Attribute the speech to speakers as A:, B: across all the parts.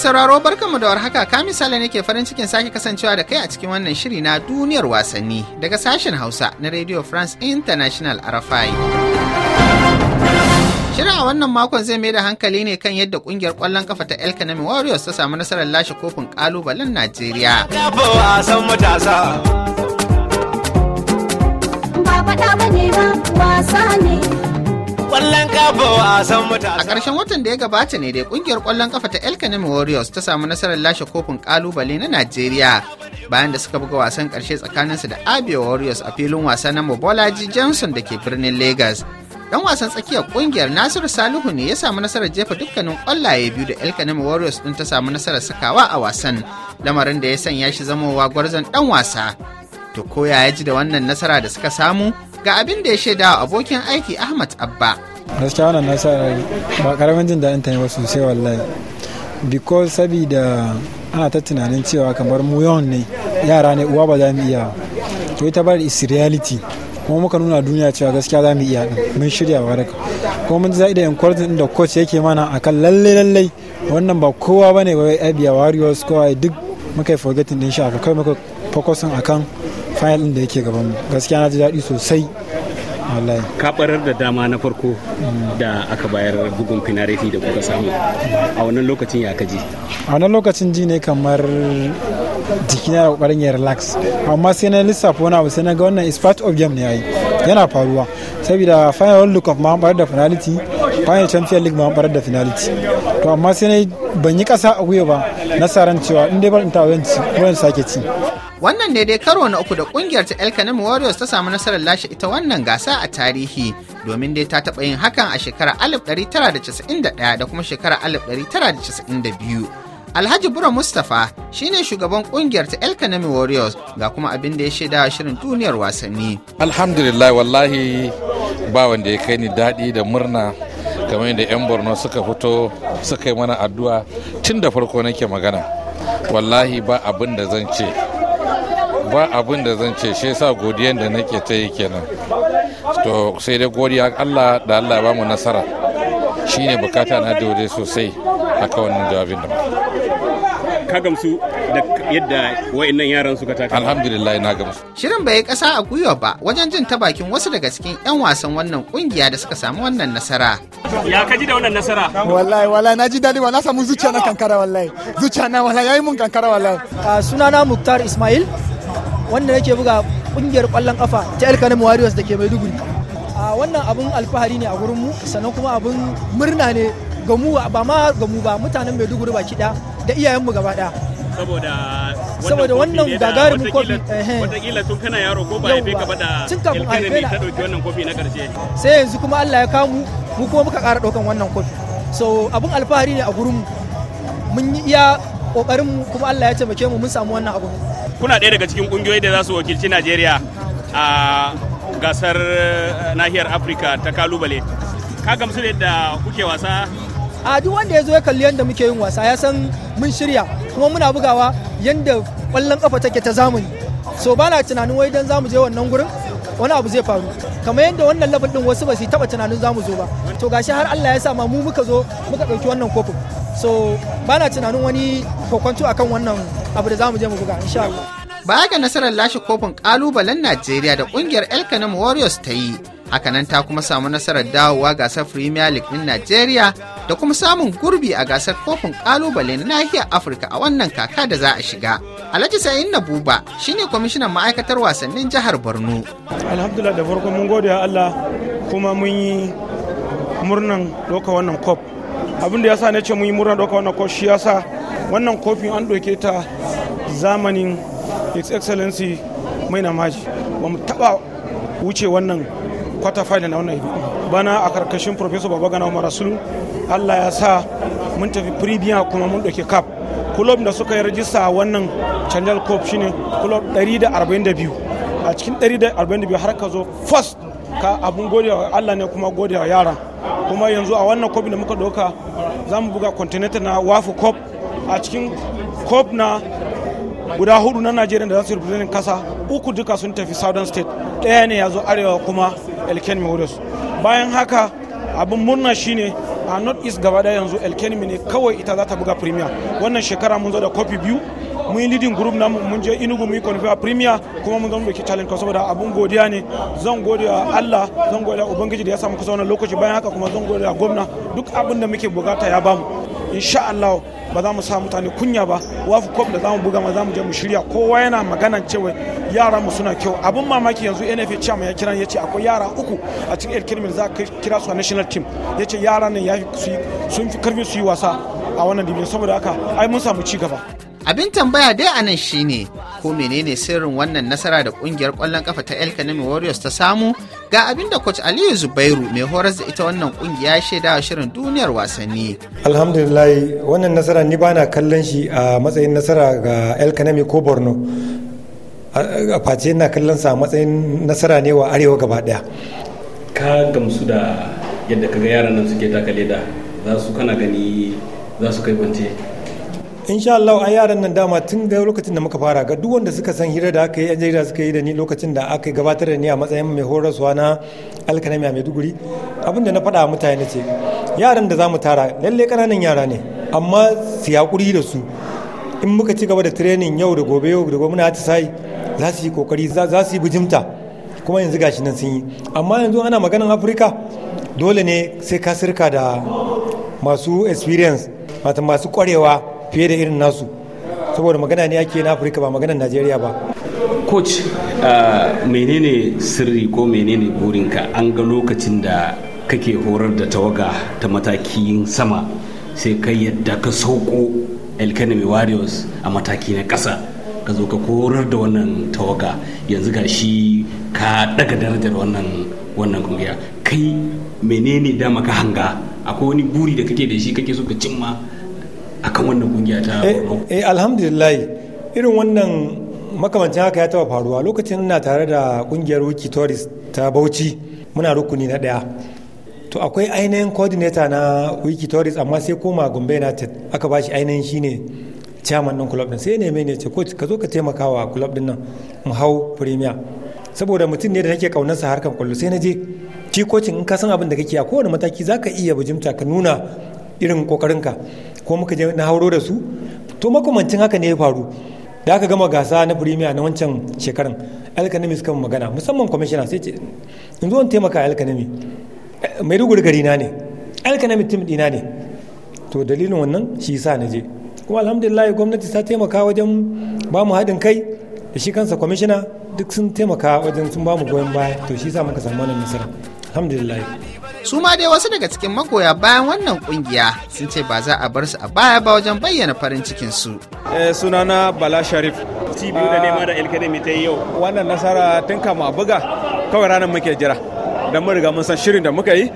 A: sauraro barkanmu da warhaka ka misali nake farin cikin sake kasancewa da kai a cikin wannan shiri na duniyar wasanni daga sashen Hausa na Radio France International RFI. Shirin a wannan makon zai mai da hankali ne kan yadda kungiyar kwallon kafa ta El Kanami Warriors ta samu nasarar lashe kofin kalubalen Najeriya. Ba Kwallon kafa wasan mutane. A ƙarshen watan da ya gabata ne dai ƙungiyar kwallon kafa ta El Warriors ta samu nasarar lashe kofin ƙalubale na Najeriya bayan da suka buga wasan ƙarshe tsakaninsu da Abia Warriors a filin wasa na Mobolaji Johnson da ke birnin Lagos. dan wasan tsakiyar ƙungiyar nasiru salihu ne ya samu nasarar jefa dukkanin ƙwallaye biyu da elkanim warriors ɗin ta samu nasarar sakawa a wasan lamarin da ya sanya shi zamowa gwarzon Ɗan wasa to koya ya ji da wannan nasara da suka samu ga abin da ya shaida abokin aiki Ahmad Abba.
B: Gaskiya wannan sa ba karamin jin daɗin ta ne ba sosai wallahi. Because sabida ana ta tunanin cewa kamar mu yawan ne yara ne uwa ba za mu iya to ita bar is reality kuma muka nuna duniya cewa gaskiya za mu iya mun shirya wa raka kuma mun zaɗi da encouragement inda coach yake mana akan lalle lalle wannan ba kowa ba ne ba ya biya warriors kowa duk muka yi forgetting din shi aka kai muka focusing akan final din da yake gaban mu gaskiya na ji daɗi sosai wallahi
C: ka barar da dama na farko da aka bayar bugun finareti da kuka samu a wannan lokacin ya kaji
B: a wannan lokacin ji ne kamar jiki na kokarin ya relax amma sai na lissafa wani abu sai na ga wannan is part of game ne yayi yana faruwa saboda final look of ma an barar da finality final champion league ma an barar da finality to amma sai ban yi ƙasa a gwiwa ba na saran cewa in dai bar in ta zan sake ci
A: wannan ne dai karo na uku da kungiyar ta El Warriors ta samu nasarar lashe ita wannan gasa a tarihi domin dai ta taɓa yin hakan a ɗari 1991 da kuma shekara da 1992. Alhaji Bura Mustapha shine shugaban kungiyar ta El Kanemi Warriors ga kuma abin da ya shaida shirin duniyar wasanni. Alhamdulillah wallahi ba wanda ya kai ni daɗi da murna kamar yadda 'yan borno suka fito suka yi
C: mana addu'a tun da farko nake magana wallahi ba abin da zan ce ba abin da zan ce shi yasa godiyan da nake ta yi kenan to sai dai godiya allah da allah ba mu nasara shine bukata na dore sosai a kawanin jawabin da ka gamsu da yadda wa'annan yaran
A: suka taka alhamdulillah na gamsu shirin bai kasa a gwiwa ba wajen jin ta bakin wasu daga cikin yan wasan wannan kungiya da suka samu wannan nasara ya ka ji da wannan nasara wallahi wallahi na ji dadi
D: wallahi samu zuciya na kankara wallahi zuciya na wallahi yayi mun kankara wallahi ah, sunana muktar ismail wanda yake buga kungiyar kwallon kafa ta El Kanemu Warriors da ke Maiduguri. A ah, wannan abun alfahari ne a gurin mu sannan kuma abun murna ne ga mu ba ma ga mu ba mutanen Maiduguri baki ɗaya da iyayenmu gaba ɗaya.
C: saboda saboda wannan gagarumin kofi watakila tun kana yaro ko ba ya ka ba da ilkanami ta ɗauki wannan kofi na ƙarshe
D: sai yanzu kuma Allah ya kamu mu kuma muka ƙara ɗaukan wannan kofi so abun alfahari ne a gurin mun yi iya ƙoƙarin mu kuma Allah ya taimake mu mun samu wannan abu kuna
C: ɗaya daga cikin kungiyoyi da za su wakilci Najeriya a gasar eh, nahiyar Afirka ta kalubale ka gamsu da kuke wasa
D: a duk wanda ya zo ya kalli yadda muke yin wasa ya san mun shirya kuma muna bugawa yadda kwallon kafa take ta zamani so bana tunanin wai dan zamu je wannan gurin wani abu zai faru kamar yadda wannan level din wasu ba su taba tunanin zamu zo ba to gashi har Allah ya sa ma mu muka zo muka dauki wannan kofin
A: so bana tunanin
D: wani kokonto akan wannan abu da zamu je mu
A: buga insha Allah baya ga nasarar lashe kofin kalubalen Najeriya da kungiyar Elkanam Warriors ta yi hakanan ta kuma samu nasarar dawowa gasar premier league din najeriya da kuma samun gurbi a gasar kofin kalubale na nahiyar afirka a wannan kaka da za a shiga alhaji sayin na buba shine kwamishinan ma'aikatar wasannin jihar borno alhamdulillah da farko mun gode allah
C: kuma mun yi murnan doka wannan kof abinda ya sa na ce mun yi murnan doka wannan kof, shi ya sa wannan kofin an doke ta zamanin his excellency mai namaji ba mu taba wuce wannan kwata final na wannan bana a karkashin professor babagana umar rasulu allah ya sa mun tafi premier kuma mun ɗauki cup kulob da suka yi rajista a wannan chandal cup shine kulob 142 a cikin 142 har ka zo first ka abun godewa allah ne kuma godewa yara kuma yanzu a wannan cup da muka doka. za mu buga continental na wafu cup a cikin cup na guda hudu na najeriya da za su yi kasa uku duka sun tafi southern state ɗaya ne ya zo arewa kuma elkenmi warriors bayan haka abin murna shine a north east gaba da yanzu elkenmi ne kawai ita za ta buga premier wannan shekara mun zo da kofi biyu mun yi leading group na mun je inugu mun yi a premier kuma mun zama doki challenge saboda abun godiya ne zan gode wa Allah zan gode wa ubangiji da ya samu kusa wannan lokaci bayan haka kuma zan gode a gwamna duk abin da muke bukata ya bamu insha Allah ba za mu sa mutane kunya ba wafi kop da za mu buga ma za mu je mu shirya kowa yana magana cewa yara mu suna kyau abun mamaki yanzu NFA chairman ya kira ya ce akwai yara uku a cikin El Kirmil za ka kira su a national team ya ce yara nan ya sun fi karfi su yi wasa
A: a wannan dibin saboda haka ai mun samu ci gaba abin tambaya dai anan shine ko menene sirrin wannan nasara da kungiyar kwallon kafa ta El Kanemi Warriors ta samu ga abin da coach aliyu zubairu mai horas da ita wannan kungiya shaida shirin duniyar wasanni
E: alhamdulillah wannan nasara ni bana kallon shi a matsayin nasara ga el kanami ko borno a face na kallon sa a matsayin nasara ne wa arewa gaba daya
C: ka gamsu da yadda kaga yaran nan suke taka leda za su kana gani
B: za su kai kwance
E: insha Allah a yaran nan dama tun da lokacin da muka fara ga duk wanda suka san hira da aka yi yan jarida suka yi da ni lokacin da aka gabatar da ni a matsayin mai horaswa na alkanami a maiduguri abin da na faɗa mutane ce yaran da za mu tara lalle ƙananan yara ne amma su yaƙuri da su in muka ci gaba da training yau da gobe yau da gobe muna sai za su yi kokari za su yi bijimta kuma yanzu gashi nan sun yi amma yanzu ana maganin afirka dole ne sai ka sirka da masu experience masu kwarewa fiye da irin nasu saboda magana ne ake na afirka ba maganar najeriya ba
C: coach ah, menene sirri ko menene burinka an ga lokacin da kake horar da tawaga ta matakin sama sai kai yadda ka sauko elkanemi warriors a mataki na ƙasa ka zo ka korar da wannan tawaga yanzu ga shi ka daga darajar wannan wannan kungiya kai menene dama ka hanga akwai wani buri da kake da shi kake so ka cimma
E: akan wannan kungiya ta eh, eh alhamdulillah irin wannan makamancin haka ya taba faruwa lokacin na tare da kungiyar wiki tourist ta bauchi muna rukuni na daya to akwai ainihin coordinator na wiki tourist amma sai koma gombe united aka ba shi ainihin shine chairman din club din sai neme ne ce coach ka zo ka taimaka wa club din nan mu hau premier saboda mutum ne da nake kaunarsa harkan kwallo sai na je ci coaching in ka san abin da kake a kowane mataki zaka iya bujimta ka nuna irin kokarin ka. ko muka je na hauro da su to makamancin haka ne ya faru da aka gama gasa na firimiya na wancan shekaran alkanami suka magana musamman kwamishina sai ce in zo taimaka alkanami mai rugur gari na ne alkanami tim dina ne to dalilin wannan shi sa na je kuma alhamdulillah gwamnati ta taimaka wajen ba mu haɗin kai da shi kansa kwamishina duk sun taimaka wajen sun ba mu goyon baya to shi sa muka samu wannan nasara
A: alhamdulillah su ma dai wasu daga cikin magoya bayan wannan kungiya sun ce ba za a bar su a baya ba wajen bayyana farin cikin su eh,
C: sunana bala sharif ci biyu da nema da mai ta yi yau wannan nasara tun kama buga kawai ranar muke jira don mun riga mun san shirin da muka yi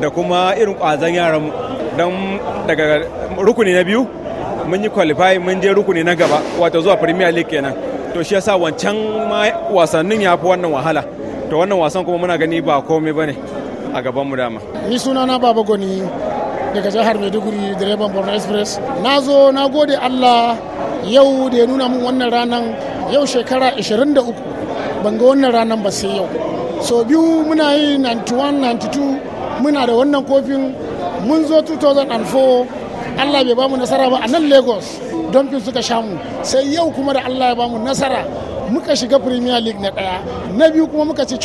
C: da kuma irin kwazon yaran don daga rukuni na biyu mun yi qualify mun je rukuni na gaba wato zuwa premier league kenan to shi yasa wancan wasannin ya fi wannan wahala to wannan wasan kuma muna gani ba komai bane a mu dama. Ni sunana Baba Goni daga jihar Maiduguri direban Borno Express. Na zo na gode Allah yau da ya nuna min wannan ranan yau shekara 23 ban ga wannan ranan ba sai yau. So biyu muna yi 91 92 muna da wannan kofin mun zo 2004 Allah bai bamu nasara ba a nan Lagos don fin suka sha mu sai yau kuma da Allah ya bamu nasara muka shiga Premier League na ɗaya na biyu kuma muka ci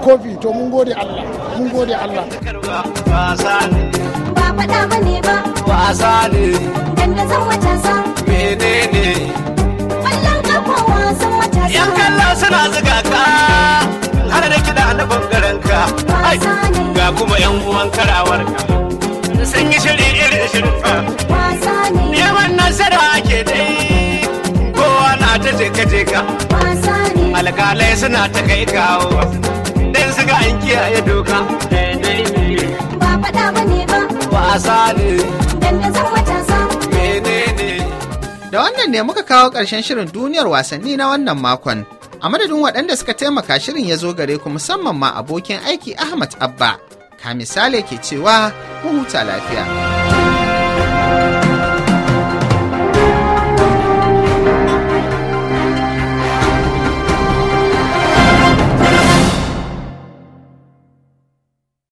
C: kofi to mun gode Allah.
D: mun gode Allah wasa ne ba faɗa bane ba wasa ne dan da zan matasa menene wallan kafa wasan matasa
A: yan kalla suna zuga ka
D: har da kiɗa na bangaren ka Wasa
E: ne. ga kuma yan uwan karawar ka
A: sun yi shiri irin shirin ka neman nasara ake dai kowa na ta teka teka alƙalai suna ta kai kawo kuɗin kiyaye doka. Ba faɗa ba ne ba. Wasa ne. zan matasa. Menene. Da wannan ne muka kawo ƙarshen shirin duniyar wasanni na wannan makon. A madadin waɗanda suka taimaka shirin ya zo gare ku musamman ma abokin aiki Ahmad Abba. Ka misale ke cewa huta lafiya.